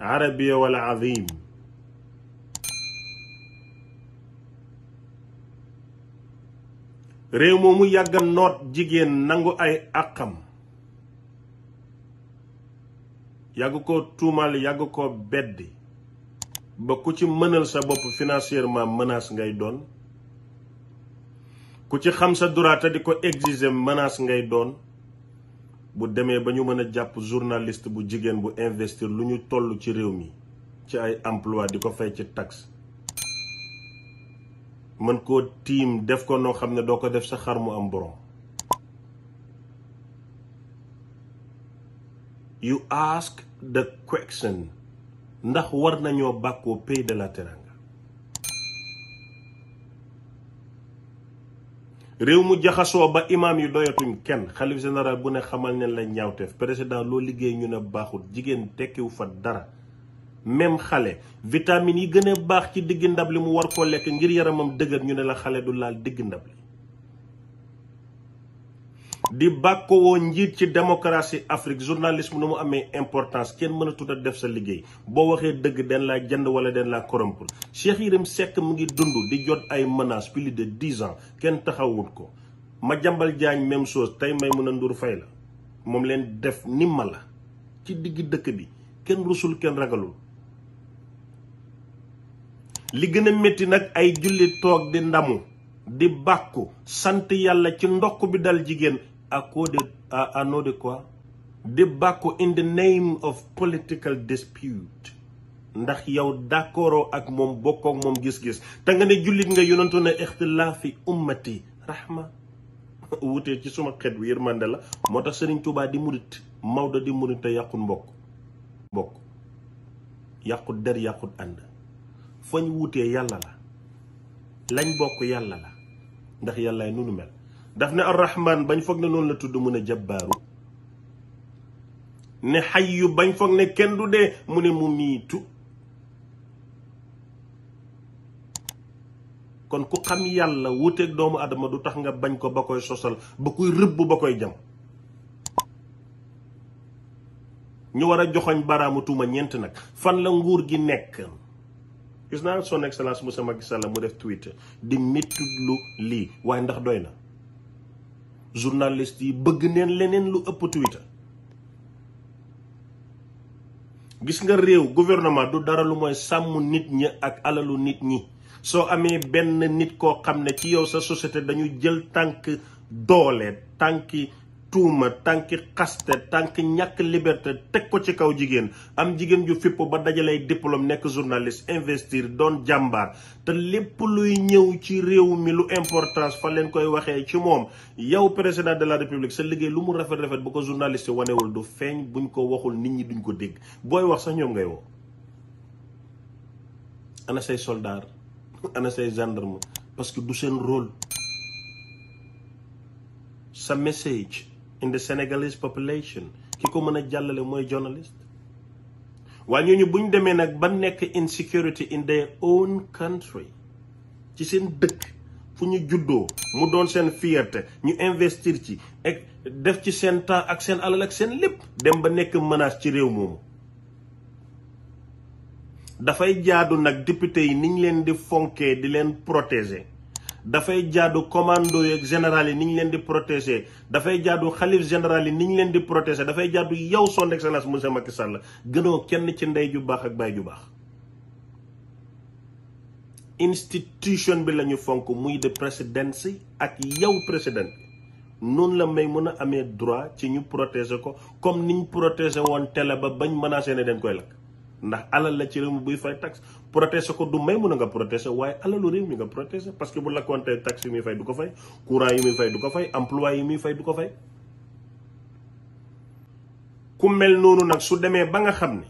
عربي والعظيم réew moomu yàgga noot jigéen nangu ay àqam yàgg ko tuumal yàgg ko beddi ba ku ci mënal sa bopp financièrement menace ngay doon ku ci xam sa droit te di ko exiger menace ngay doon bu demee ba ñu mën a jàpp journaliste bu jigéen bu investir lu ñu toll ci réew mi ci ay emploi di ko fay ci taxe mën ko tiim def ko noo xam ne doo ko def sa xar mu am borom yu ask the question ndax war nañoo bàkkoo pays de la Teranga réew mu jaxasoo ba imaam yi doyatuñ kenn xalif général bu ne xamal ne la ñaawteef président loo liggéey ñu ne baaxul jigéen tekkiwu fa dara même xale vitamine yi gën a baax ci digg ndab li mu war koo lekk ngir yaramam dëgër ñu ne la xale du laal digg ndab li di bàkkoo woon njiit ci démocratie Afrique journalisme nu mu amee importance kenn mën a def sa liggéey boo waxee dëgg den laa jënd wala den laa corrompre Cheikh Yérim Seck mu ngi dund di jot ay menaces plus de ans kenn taxawut ko Madiambal Diagne même chose tey may Maïmouna Ndour fay la moom leen def ni ma la ci digg dëkk bi kenn rusul kenn ragalul li gën a métti nag ay julli toog di ndamu di bàkku sant yàlla ci ndokk bi dal jigéen à, cause de, à, à nom de quoi in the name of political dispute ndax yow ro ak bokong ak mom gis-gis ta nga ne julit nga na ne ummati rahma wutee ci suma xet wi yërmande la moo tax sëriñ di mourid Maodo di mourid te yakku mbok bok yakku der yakku and fagn yalla la lañ bokku yalla la ndax nunu mel daf ne Rahman bañ foog ne noonu la tuddu mune ne ne xayyu bañ foog ne kenn du dee kon ku xam yàlla wuteeg doomu adama du tax nga bañ ko bakoy sosal ba koy rëbb ba jam ñu wara a joxoñ baraamu tuuma ñeent fan la nguur gi nek gis na son excellence Moussa Macky mu def tweet di lu li way ndax doyna journalist yi bëgg neen leneen lu ëpp Twitter gis nga réew gouvernement du dara lu mooy sàmm nit ñi ak alalu nit ñi soo amee benn nit koo xam ne ci yow sa société dañuy jël tànk doole tànki tuuma tànki xaste tànki ñàkk liberté teg ko ci kaw jigéen am jigéen ju fipp ba dajalay diplôme nekk journaliste investir doon jàmbaar te lépp luy ñëw ci réew mi lu importance fa leen koy waxee ci moom yow président de la république sa liggéey lu mu rafet rafet bu ko journaliste wanewul du feeñ buñ ko waxul nit ñi duñ ko dégg booy wax sax ñoom ngay woo ana say soldat ana say gendarme parce que du seen rôle sa message in the Senegalese population ki ko mën a jàllale mooy journalist waaye ñooñu bu ñu demee nag ba nekk insecurity in their own country ci seen dëkk fu ñu juddoo mu doon seen fierte ñu investir ci ak def ci seen temps ak seen alal ak seen lépp dem ba nekk menace ci réew moomu dafay jaadu nag député yi niñ leen di fonkee di leen protéger dafay jaadu commando yeeg général yi ni ñu leen di protéger dafay jaadu xalif général yi ni ñu leen di protéger dafay jaadu yow son excellence monsieur Macky Sall gënoo kenn ci ndey ju baax ak baay ju baax institution bi la ñu fonk muy de présidence ak yow président noonu la may mun a amee droit ci ñu protéger ko comme niñ protéger woon télé ba bañ menacé ne dañ koy lakk ndax alal la ci réew mi buy fay taxe protéger ko du may mun a nga protéger waaye alalu réew mi nga protéger parce que bu la compter taxe yi muy fay du ko fay courant yi muy fay du ko fay emploi yi muy ko fay ku mel noonu nag su demee ba nga xam ne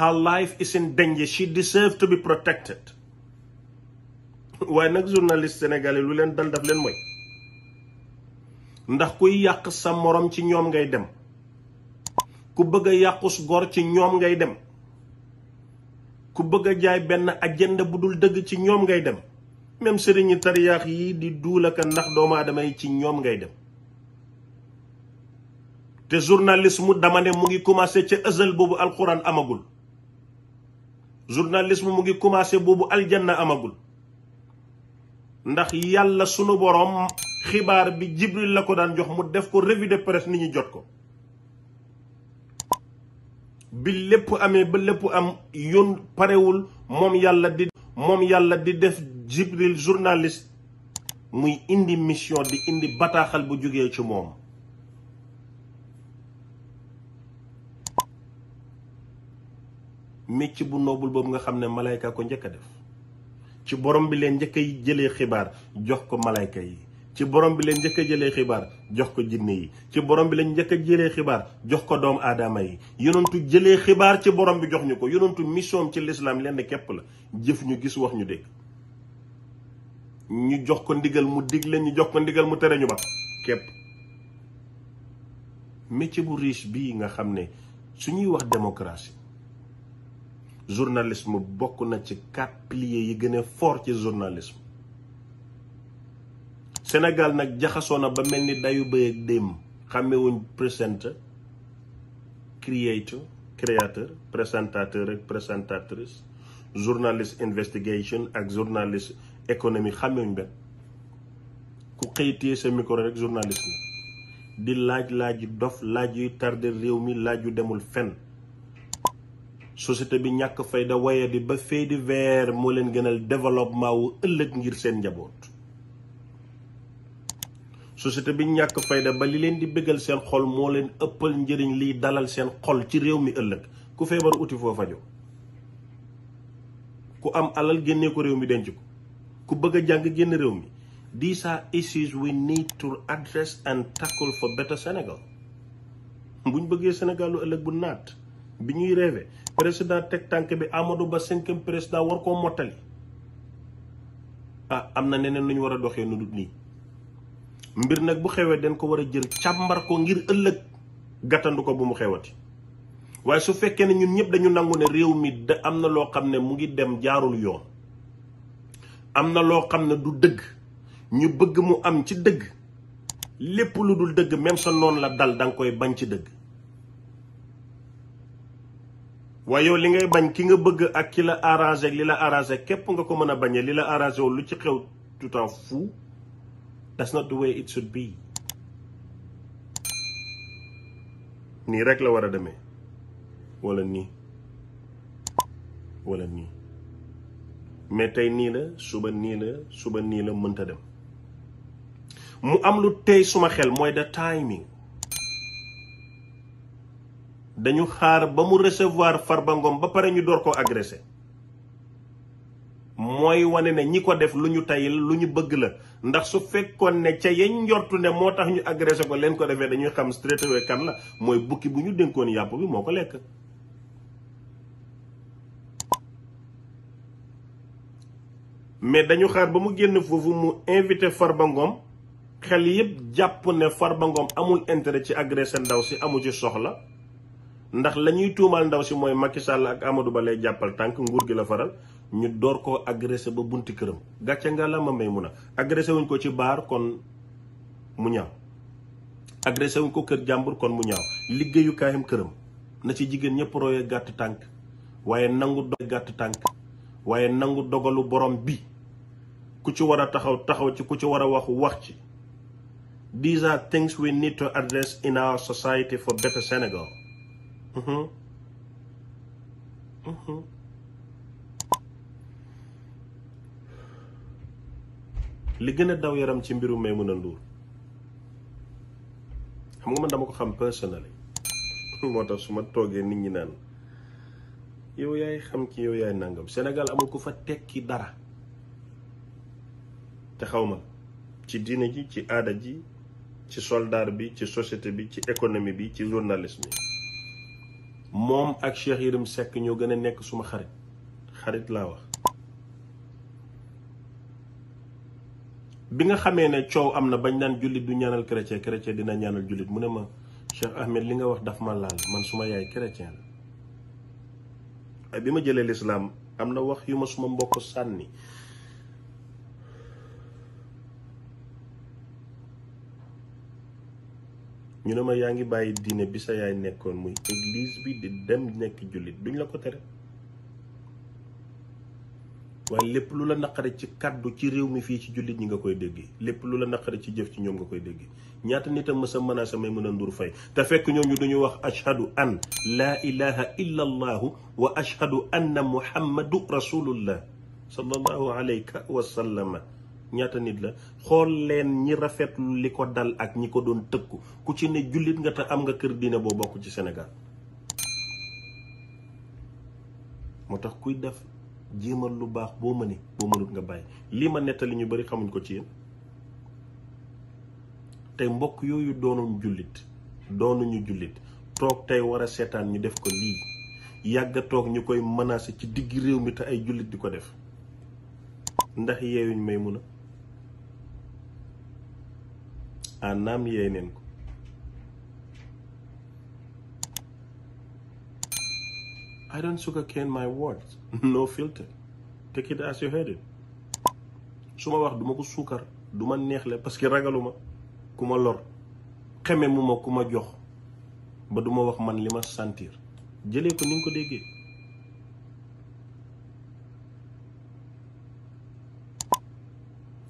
her life is in danger she deserves to be protected waaye nag journaliste sénégalais lu leen dal daf leen mooy ndax kuy yàq sa morom ci ñoom ngay dem ku bëgg a yàqus gor ci ñoom ngay dem ku bëgg a jaay benn agenda bu dul dëgg ci ñoom ngay dem même sëriñi tariyaax yi di duulaka ndax doomu aadama yi ci ñoom ngay dem te journalisme dama ne mu ngi commencé ca ësal boobu alxuraan amagul journalisme mu ngi commencé boobu aljanna amagul ndax yàlla sunu boroom xibaar bi jibril la ko daan jox mu def ko revue de presse nit ñi jot ko bi lépp amee ba lépp am yoon parewul moom yàlla di moom yàlla di def jibril journaliste muy indi mission di indi bataaxal bu jógee ci moom métier bu noobul boobu nga xam ne malayka ko njëkk def ci borom bi leen njëkka a jëlee xibaar jox ko malayka yi ci borom bi leen njëkk a jëlee xibaar jox ko jinne yi ci borom bi lañ njëkk a jëlee xibaar jox ko doom aadama yi yonentu jëlee xibaar ci borom bi jox ñu ko yonentu mission ci lislaam lenn képp la jëf ñu gis wax ñu dégg ñu jox ko ndigal mu dig leen ñu jox ko ndigal mu tere ñu ba kepp métier bu riche bii nga xam ne su ñuy wax démocratie journalisme bokk na ci quatre piliers yi gën a fort ci journalisme Sénégal nag jaxasoo na ba mel ni dayu bëyeeg démb xàmmewuñ présente creator créateur présentateur ak présentatrice journaliste investigation ak journaliste économie xàmmewuñ benn ku xëytee sa micro rek di laaj laaj yu dof laaj yuy tardé réew mi laaj yu demul fenn société bi ñàkk fayda waye di ba fee di weer moo leen gënal développement wu ëllëg ngir seen njaboot société bi ñak fayda ba li leen di bëggal seen xol mo leen ëppal njëriñ li dalal seen xol ci réew mi ëllëg ku feebar uti fo fajo ku am alal génné ko réew mi denc ko ku bëgg jàng réew mi these are issues we need to address and tackle for better Senegal. buñ bëggee Senegal lu ëllëg bu naat bi ñuy rêvé président tek tank bi Amadou Ba 5e président war ko motali ah amna na neneen lu ñu nu dut nii mbir nag bu xewee dañ ko war a jël càmbar ko ngir ëllëg gàttandu ko bu mu xewati waaye su fekkee ne ñun ñëpp dañu nangu ne réew mi da am na loo xam ne mu ngi dem jaarul yoon am na loo xam ne du dëgg ñu bëgg mu am ci dëgg lépp lu dul dëgg même sa noon la dal danga koy bañ ci dëgg waaye yow li ngay bañ ki nga bëgg ak ki la arrangé li la arrangé képp nga ko mën a bañee li la arrangé wu lu ci xew tout That's not the way it should be. Ni rek la wara a wala ni. wala ni. mais tay ni la suba ni la suba ni la mënta dem mu am lu tay suma xel moy da timing dañu xaar ba mu recevoir farbangom Ngom ba paré ñu dor ko agresser. Moy wané né ñi def luñu tayil luñu bëgg la ndax su fekkoon ne ca yeñ njortu ne moo tax ñu agressé ko leen ko defee dañuy xam straight away kan la mooy bukki bu ñu dénkoon yàpp bi moo ko lekk mais dañu xaar ba mu génn foofu mu invité Farba Ngom xel yépp jàpp ne Farba Ngom amul intérêt ci agressé ndaw si amu ci soxla ndax lañuy tuumaal ndaw si mooy Macky Sall ak Amadou Ba lay jàppal tànk nguur gi la faral ñu door koo agressé ba bunti këram gàcce nga la ma may mun a agressé wuñ ko ci baar kon mu ñaaw agressé wuñ ko kër jàmbur kon mu ñaaw liggéeyukaayam këram na ci jigéen ñëpp royee gàtt tànk waaye nangu tànk waaye nangu dogalu borom bi ku ci war a taxaw taxaw ci ku ci war a wax wax ci these are things we need to address in our society for better Senegal Mm-hmm. Mm-hmm. li gëna daw yaram ci mbiru Maimouna Ndour xam nga man dama ko xam personally motax suma su nit ñi naan yow yaay xam ki yow yaay nangam Sénégal amul ku fa tekki dara te xawma ci diine ji ci aada ji ci soldaar bi ci société bi ci économie bi ci journalisme bi moom ak Cheikh Yérim Seck ñoo gën a nekk suma xarit xarit laa wax bi nga xamee ne coow am na bañ daan jullit du ñaanal chrétien chrétien dina ñaanal jullit mu ne ma Cheikh Ahmed li nga wax dafa ma laal man suma yaay chrétien la ay bi ma jëlee lislaam am na wax yu ma suma mbokk sànni ñu ne ma yaa ngi bàyyi diine bi sa yaay nekkoon muy église bi di dem nekk jullit duñ la ko tere waaye lépp lu la naqare ci kàddu ci réew mi fii ci jullit ñi nga koy déggee lépp lu la naqare ci jëf ci ñoom nga koy déggee ñaata nit a mës a menacé may mën a ndur fay te fekk ñu duñu wax ashhadu an la ilaha illa allah wa ashhadu anna muhammadu rasulullah sallallahu alayka wa sallama ñaata nit la xool leen ñi rafetlu li ko dal ak ñi ko doon tëkku ku ci ne jullit nga te am nga kër diine boo bokk ci senegal moo tax kuy def jéemal lu baax boo mënee boo mënut nga bàyyi lii ma nettali ñu bari xamuñ ko ci yéen tey mbokk yooyu doonuñ jullit doonuñu jullit toog tey war a seetaan ñu def ko lii yàgg toog ñu koy menacé ci digg réew mi te ay jullit di ko def ndax yeewuñ may mun a ànnaam yeey neen ko I don't sugarcane my words no filter take it as you heard su ma wax duma ko suukar du ma neexle parce que ragaluma ku ma lor xeme mu ma ku jox ba duma wax man li ma sentir jëlee ko ni nga ko déggee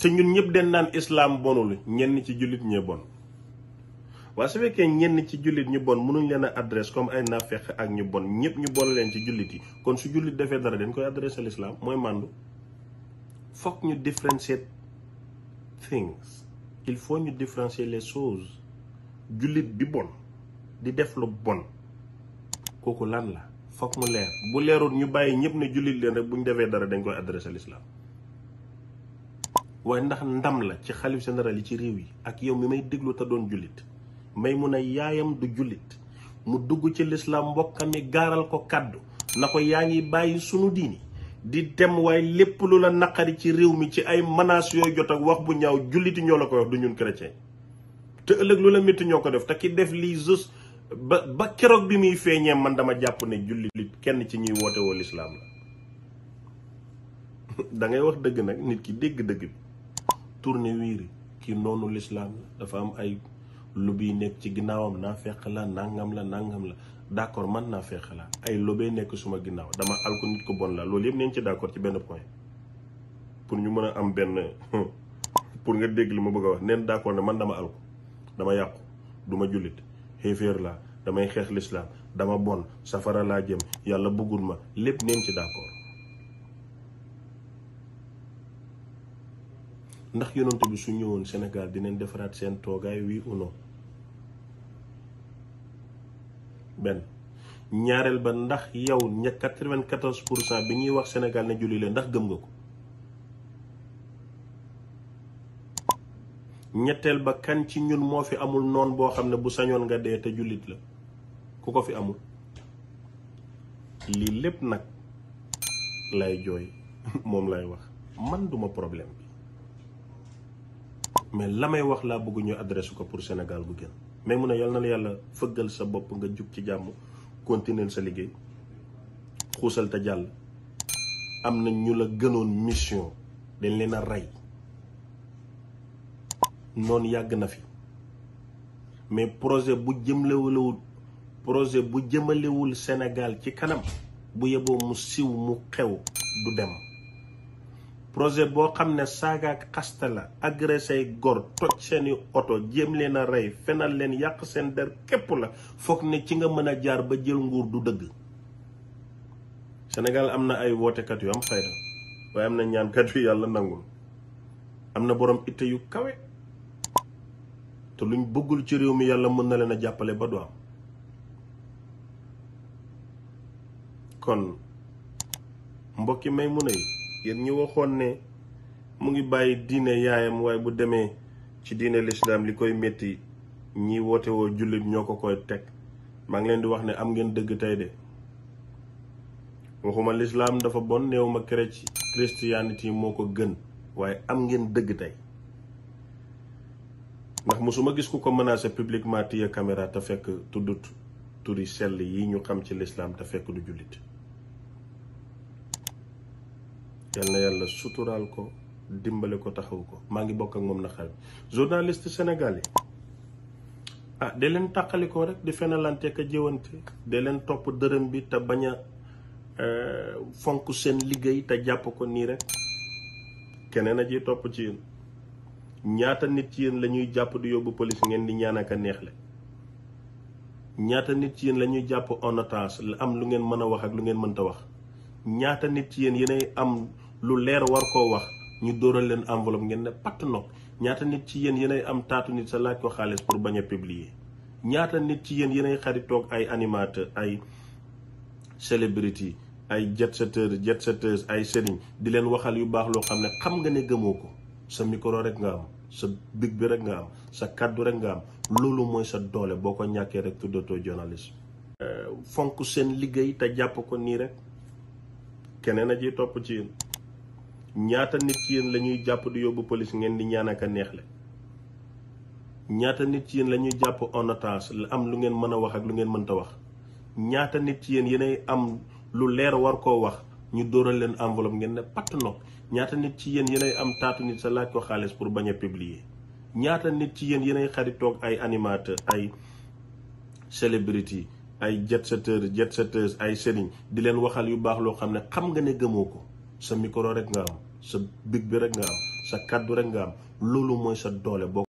te ñun ñëpp den naan islam bonul ñenn ci julit ñe bon wa su fekke ñenn ci julit ñu bon mënuñ leena adresse comme ay nafex ak ñu bon ñëpp ñu bon leen ci julit yi kon su julit defee dara den koy adresse l'islam moy mandu fokk ñu differentiate things il faut ñu différencier les choses julit bi bon di def lu bon koku lan la fokk mu leer bu leerul ñu bayyi ñëpp ne julit leen rek buñ dara den koy adresse l'islam way ndax ndam la ci xalif general ci rew yi ak yow mi may deglu ta doon julit may mun yaayam du julit mu dugg ci l'islam mbokkami garal ko kaddu nako yaangi bayyi sunu diini di dem way lepp lu la nakari ci rew mi ci ay menace yoy jot ak wax bu ñaaw juliti ñoo la koy wax du ñun chrétien te ëlëk lu la ñoo def ta ki def li jus ba ba bi mi feñe man dama japp ne julit kenn ci ñuy wote wo l'islam la da ngay wax deug nak nit ki deug deug tournewiir kii noonu lislaam dafa am ay lobby nekk ci ginnaawam naa feq la nangam la nangam la d'accord man naa feq la ay lobby nekk suma ginnaaw dama al ko nit ko bon la loolu yëpp neen ci d'accord ci benn point pour ñu mën a am benn pour nga dégg ma bëgg a wax neen d'accord ne man dama al dama yàqu duma jullit xéeféer la damay xeex lislaam dama bon safara laa jëm yàlla bëggul ma lépp neen ci d'accord ndax yonent bi su ñëwoon Sénégal dinañ defaraat seen toogaay wi ou non ben ñaarel ba ndax yow ña 94 bi ñuy wax Sénégal ne julli le ndax gëm nga ko ñettel ba kan ci ñun mo fi amul non bo xamne ne bu sañon nga dé te julit la ku ko fi amul li lepp nak lay joy mom lay wax man duma problème mais la may wax laa bëgg ñu adressé ko pour Sénégal bu gën mais mun ne yal na la yàlla fëggal sa bopp nga jub ci jàmm continuer sa liggéey xuusal te jàll am na ñu la gënoon mission dañ leen a rey noonu yàgg na fi mais projet bu jëmlewul projet bu jëmalewul Sénégal ci kanam bu yeboo mu siw mu xew du dem projet boo xam ne saaga ak xasta la agressé góor toj seeni oto jéem leen a rey fenal leen yàq seen der képp la foog ne ci nga mën a jaar ba jël nguur du dëgg senegal am na ay wootekat yu am fayda waaye am na ñaankat yu yàlla nangul am na boroom itte yu kawe te luñ bëggul ci réew mi yàlla mën na leen a jàppale ba du am kon mbokki may mun a yi yéen ñu waxoon ne mu ngi bàyyi diine yaayam waaye bu demee ci diine lislaam li koy metti ñi woote woo jullit ñoo ko koy teg maa ngi leen di wax ne am ngeen dëgg tey de waxuma lislaam dafa bon néew ma chrétien christianity moo ko gën waaye am ngeen dëgg tey ndax mosuma gis ku ko menacé publiquement téye caméra te fekk tuddut turi sell yi ñu xam ci lislaam te fekk du jullit yal na yàlla suturaal ko dimbale ko taxaw ko maa ngi bokk na moom naxar journaliste sénégal yi ah de leen tàqalikoo rek di fenalante ak jëwante de leen topp dërëm bi te baña eh, fonk seen liggéey te jàpp ko nii rek keneen a ji topp ci yéen ñaata nit ci yéen la ñuy jàpp di yóbbu police ngeen di ñaan ak a neexle ñaata nit ci yéen la ñuy jàpp en otage am lu ngeen mën a wax ak lu ngeen mënta wax ñaata nit ci yéen yéenay am lu leer war ko wax ñu dóoral leen enveloppe ngeen ne pat nopp ñaata nit ci yeen yéenay am taatu nit sa laaj ko xaalis pour baña publier ñaata nit ci yéen xarit tok ay animateur ay celebrity ay jet setter jet setteurs ay serigne di leen waxal yu bax lo xamne xam nga ne gëmoko sa micro rek nga am sa big bi rek nga am sa cadeau rek nga am lolu moy sa doole boko ñaké rek journaliste euh, fonku seen liggey ta japp ko ni rek ji top ci ñaata nit ci yeen lañuy japp jàpp di yóbbu police ngeen di ñaanaka neexle ñaata nit ci yeen lañuy japp jàpp en am lu ngeen mëna wax ak lu ngeen mënta wax ñaata nit ci yeen am lu leer war ko wax ñu dóoral leen enveloppe ngeen ne pat nopp ñaata nit ci yeen am taatu nit sa laaj ko purbanya pour baña publier ñaata nit ci yéen xarit tok ay animateur ay celebrity ay jet setter jet setteurs ay serigne di leen waxal yu bax lo xamne xam nga ne sa micro rek nga am sa big bi rek nga am sa kàddu rek nga am loolu mooy sa doole boo